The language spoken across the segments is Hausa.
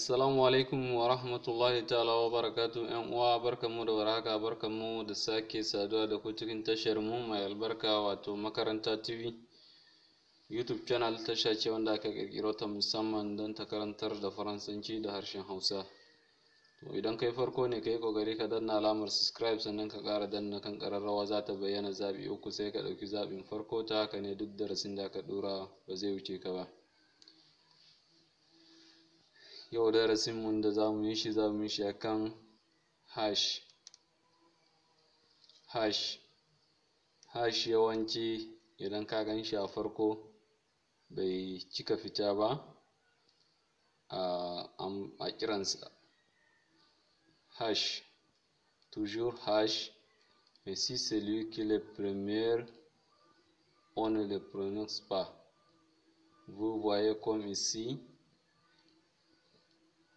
assalamu alaikum wa rahmatullahi ta'ala wa barakatu yan uwa barkamu da warhaka barkamu da sake saduwa da ku cikin tashar mu mai albarka wato makaranta tv youtube channel tasha ce wanda aka kirkiro ta musamman don ta karantar da faransanci da harshen hausa to idan kai farko ne kai kokari ka danna alamar subscribe sannan ka kara danna kan kararrawa za ta bayyana zabi uku sai ka dauki zabin farko ta haka ne duk darasin da ka dora ba zai wuce ka ba yau darasin mu da za mu yi shi za mu yi shi akan hash hash hash yawanci idan ka gan shi a farko bai cika fita ba a kiransa hash toujours hash mais si celui qui le premier on ne le prononce pas vous voyez comme ici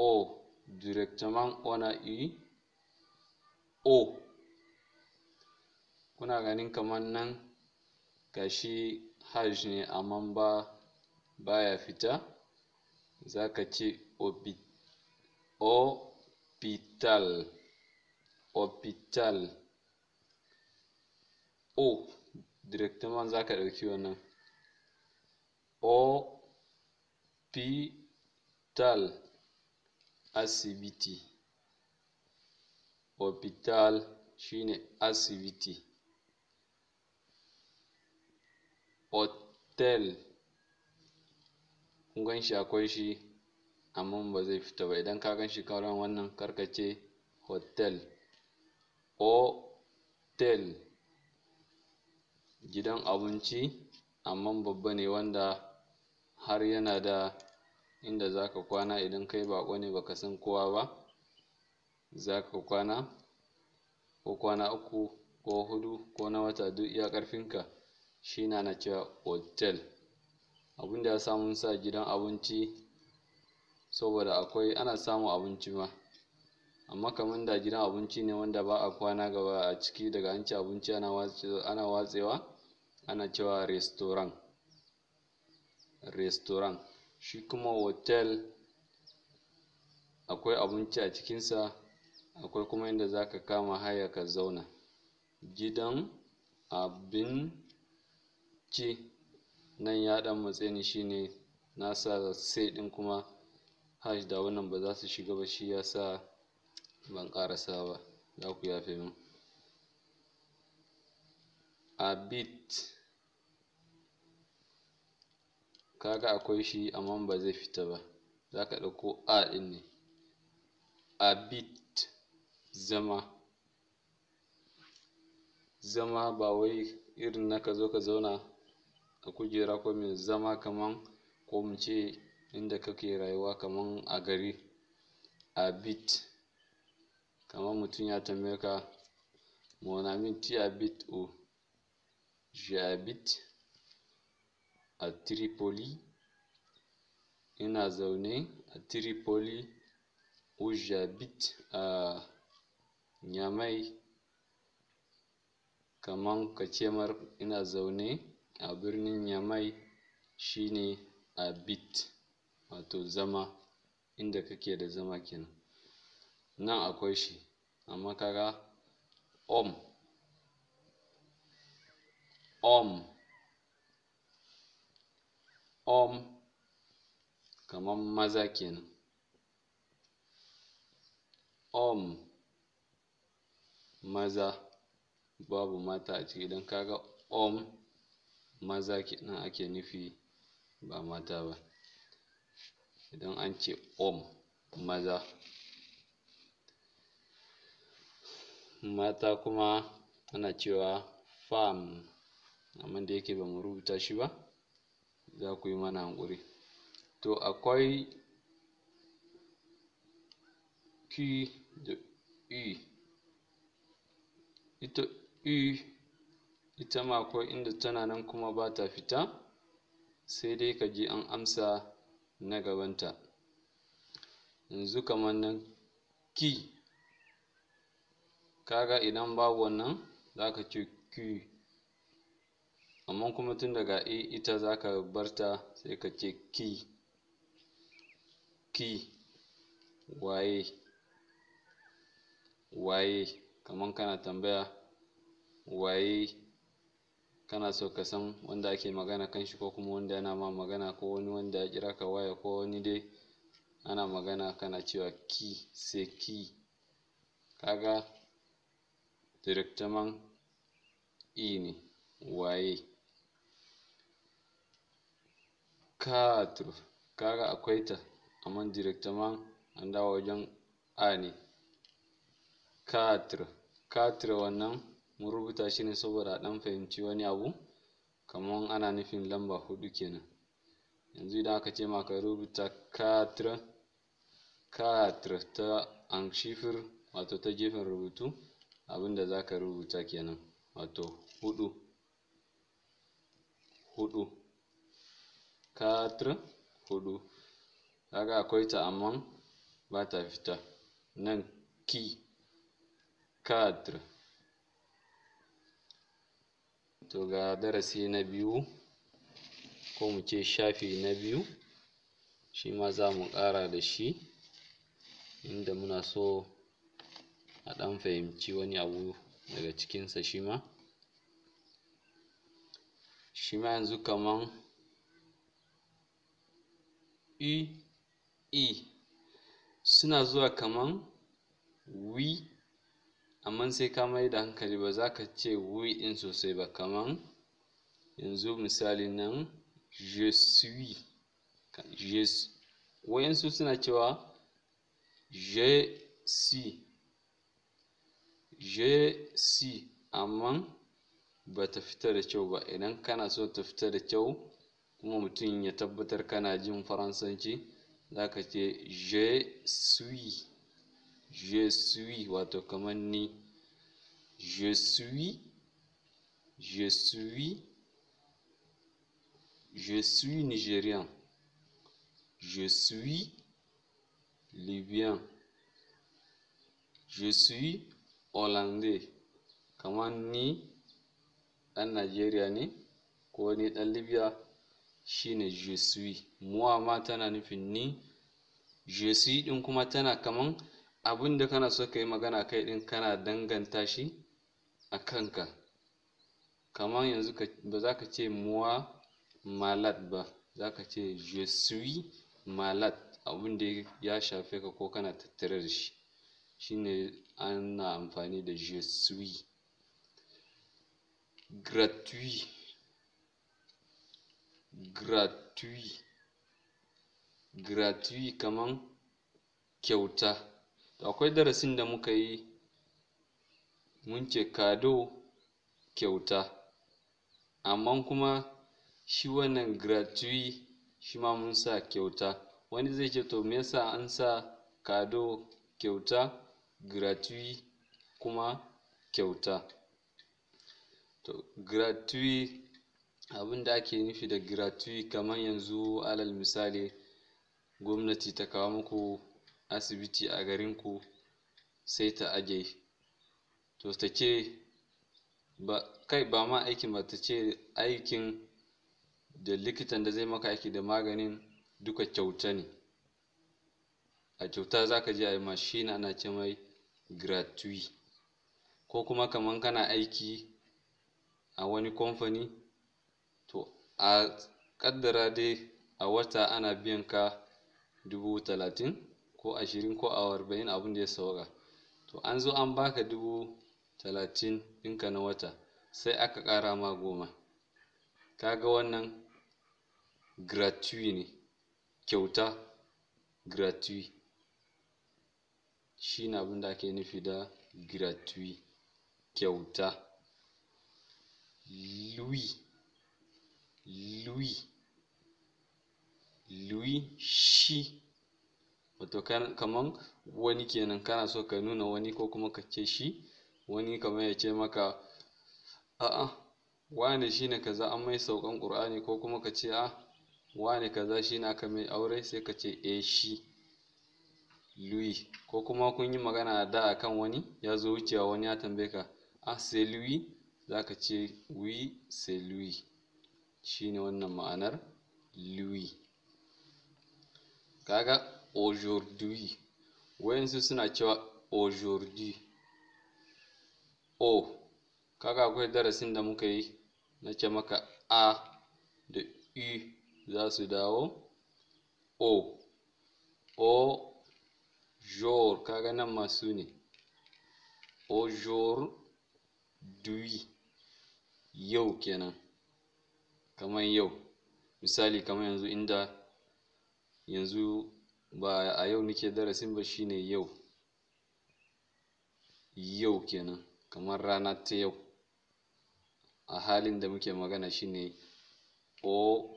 O. Directement, on a eu O. Kuna ganin kamar nan shi H ne amma ba baya fita, za ka ce opital. Opital. O. Directement za ka ɗauki wannan. O. P. Tal. asibiti shi shine asibiti hotel kun gan shi akwai shi amma ba zai fita ba idan ka gan shi karan wannan karkace hotel hotel gidan abinci amma babba ne wanda har yana da inda za ka kwana idan kai baƙo ne baka san kowa ba za ka kwana ko kwana uku ko hudu ko na wata duk iya ƙarfinka shi na na cewa hotel abinda ya samu sa gidan abinci saboda akwai ana samun abinci ma amma kamar da gidan abinci ne wanda ba a kwana gaba a ciki daga an ci abinci ana watsewa ana cewa restaurant restaurant shi kuma hotel akwai abinci a cikinsa akwai kuma inda za ka kama haya ka zauna gidan abinci nan ya dan matse ni shine na sa sai ɗin kuma hash da wannan ba za su shiga ba shi ya sa ban ƙarasa ba za ku yafe min a kaga akwai shi amma ba zai fita ba za ka ɗauko a ɗin ne abit zama zama ba wai irin na ka zo ka zauna a kujera ko mai zama kaman ko mu ce inda kake rayuwa kaman a gari abit kaman mutum ya tambaye ka mon ami o, habites où j'habite a tiripoli ina zaune a Tripoli ujabit a Niamey kaman ka ce mar ina zaune a birnin Niamey shine abit wato zama inda kake da zama kenan nan akwai shi amma ka om om om kaman maza kenan om maza babu mata a ciki don kaga om maza kenan ake nufi ba mata ba idan an ce om maza mata kuma ana cewa fam amma da yake bamu rubuta shi ba za ku yi mana hankuri to akwai ki da E, ita e ita ma akwai inda tana nan kuma ba ta fita sai dai ka ji an amsa na gabanta yanzu kamar nan ki kaga idan babu wannan za ka ce key. amma kuma tun daga i ita zaka barta sai ka ce ki ki waye waye kaman kana tambaya waye kana so ka san wanda ake magana kan shi ko kuma wanda yana ma magana ko wani wanda ya kira ka waya ko wani dai ana magana kana cewa ki sai ki kaga man i ne waye 4 kaga akwai ta amma directement an dawo wajen a ne 4 4 wannan mun rubuta shi ne saboda a ɗan fahimci wani abu kamar ana nufin lamba hudu kenan yanzu idan aka ce maka rubuta 4 4 ta an shifir wato ta gefen rubutu abinda za ka rubuta kenan wato hudu hudu 4 hudu kaga akwai ta amma ba ta fita nan ki 4 to ga darasi na biyu ko mu ce shafi na biyu shima ma za mu ƙara da shi inda muna so a ɗan fahimci wani abu daga cikinsa shi shima shi yanzu kaman u e, e suna zuwa kaman wi amma sai ka mai da hankali ba za ka ce wi ɗin sosai ba kaman yanzu misali nan je suis je suna cewa je si je si amma ba ta fita da kyau ba idan kana so ta fita da kyau kuma mutum ya tabbatar kana jin faransanci za ka ce je suis je suis wato kamar ni je suis je suis je suis nigérian je suis libyen je suis hollandais kamar ni ɗan najeriya ne ko ni ɗan libya shine je suis moi ma tana nufin ni je suis din kuma tana kaman abin da kana so ka yi magana kai din kana danganta shi a kanka Kaman yanzu ba za ka ce moi malade ba za ka ce je suis malade abin da ya shafe ka ko kana tattare da shi shine ana amfani da je suis gratuit gratuit gratuit kaman kyauta akwai darasin da muka yi mun ce kado kyauta amman kuma shi wannan gratuit shi ma mun sa kyauta wani zai ce to me yasa an sa kado kyauta gratuit kuma kyauta to gratuit abin da ake nufi da gratuity kamar yanzu alal misali gwamnati ta kawo muku asibiti a garin ku sai ta ajiye to ta ce kai ba ma aikin ba ta ce aikin da likitan da zai maka aiki da maganin duka kyauta ne a kyauta za ka je a yi ne ana ce mai gratuity ko kuma kamar kana aiki a wani kamfani a ƙaddara dai a wata ana biyan ka dubu talatin ko ashirin ko arba'in abin da ya sauka to an zo an baka dubu talatin ɗinka na wata sai aka ƙara ma goma ka ga wannan gratuwi ne kyauta gratuwi shi ne abin da ake nufi da gratuwi kyauta louis lui lui shi wato kaman wani kenan kana so ka nuna wani ko kuma ka ce shi wani kamar ya ce maka a'a wane ne kaza an mai saukan ƙur'ani ko kuma ka ce a wane kaza ne aka mai aure sai ka ce e shi lui ko kuma kun yi magana da akan wani ya zo wucewa wani ya tambaye ka a c'est lui ka ce oui c'est lui shine wannan ma'anar lui kaga aujourd'hui wayansu suna cewa aujourd'hui o kaga akwai darasin da muka yi na ce maka a da i za su dawo o o jour kaga nan masu ne aujourd'hui yau kenan kamar yau misali kamar yanzu inda yanzu ba a yau nake darasin ba shine yau yau kenan kamar rana ta yau a halin da muke magana shine o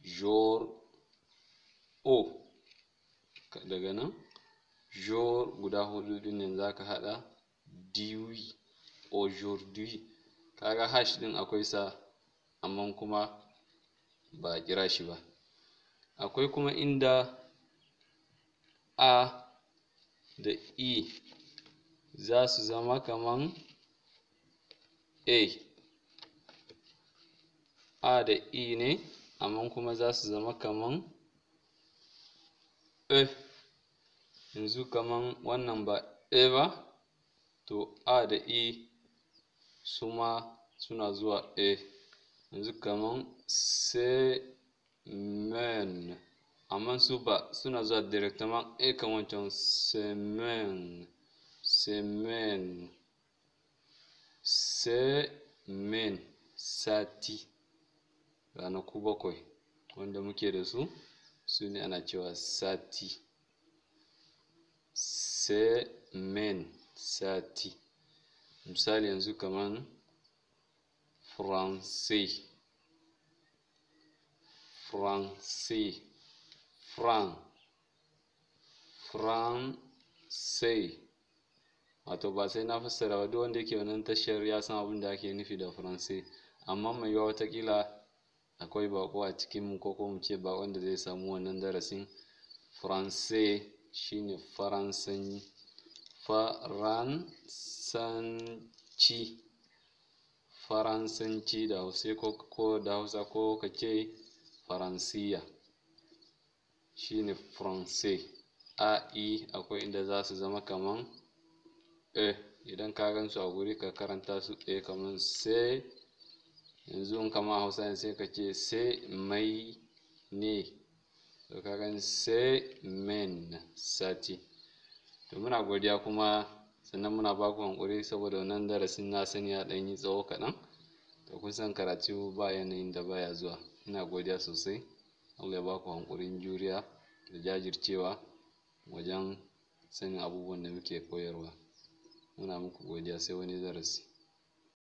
jor o daga nan jor guda hudu din nan ka hada diwi o jor diwi kaga hash din akwai sa amma kuma ba a kira shi ba akwai kuma inda a da e za su zama kaman a a da e ne amma kuma za su zama kaman A e. yanzu kaman wannan ba e ba to a da e su ma suna zuwa A. yanzu kaman semaine amma su ba suna zuwa directement a eh kan wancan semen semen semen sati ranaku bakwai wanda muke da su su ne ana cewa sati semen sati misali yanzu kaman Français, Français, franc Français. Wato ba sai na fassara ba duk wanda yake wannan tashar ya san abin da ake nufi da Français, amma mai yawa watakila akwai baƙo a cikinmu ko kuma mu ce ba wanda zai samu wannan darasin. Français shine Faransanci. Faransanci. faransanci da hausa ko da hausa ko ka ce faransiya shine france a i akwai inda za su zama kaman e idan ka gansu a guri ka karanta su e kaman se yanzu in kama hausa ne sai ka ce se mai ne to ka gan se men sati to muna godiya kuma sannan muna ba ku hankuri saboda wannan darasin na sani ya ɗan tsawo kaɗan to kun san karatu ba yanayin da baya zuwa ina godiya sosai Allah ya ba ku hankurin juriya da jajircewa wajen sanin abubuwan da muke koyarwa muna muku godiya sai wani darasi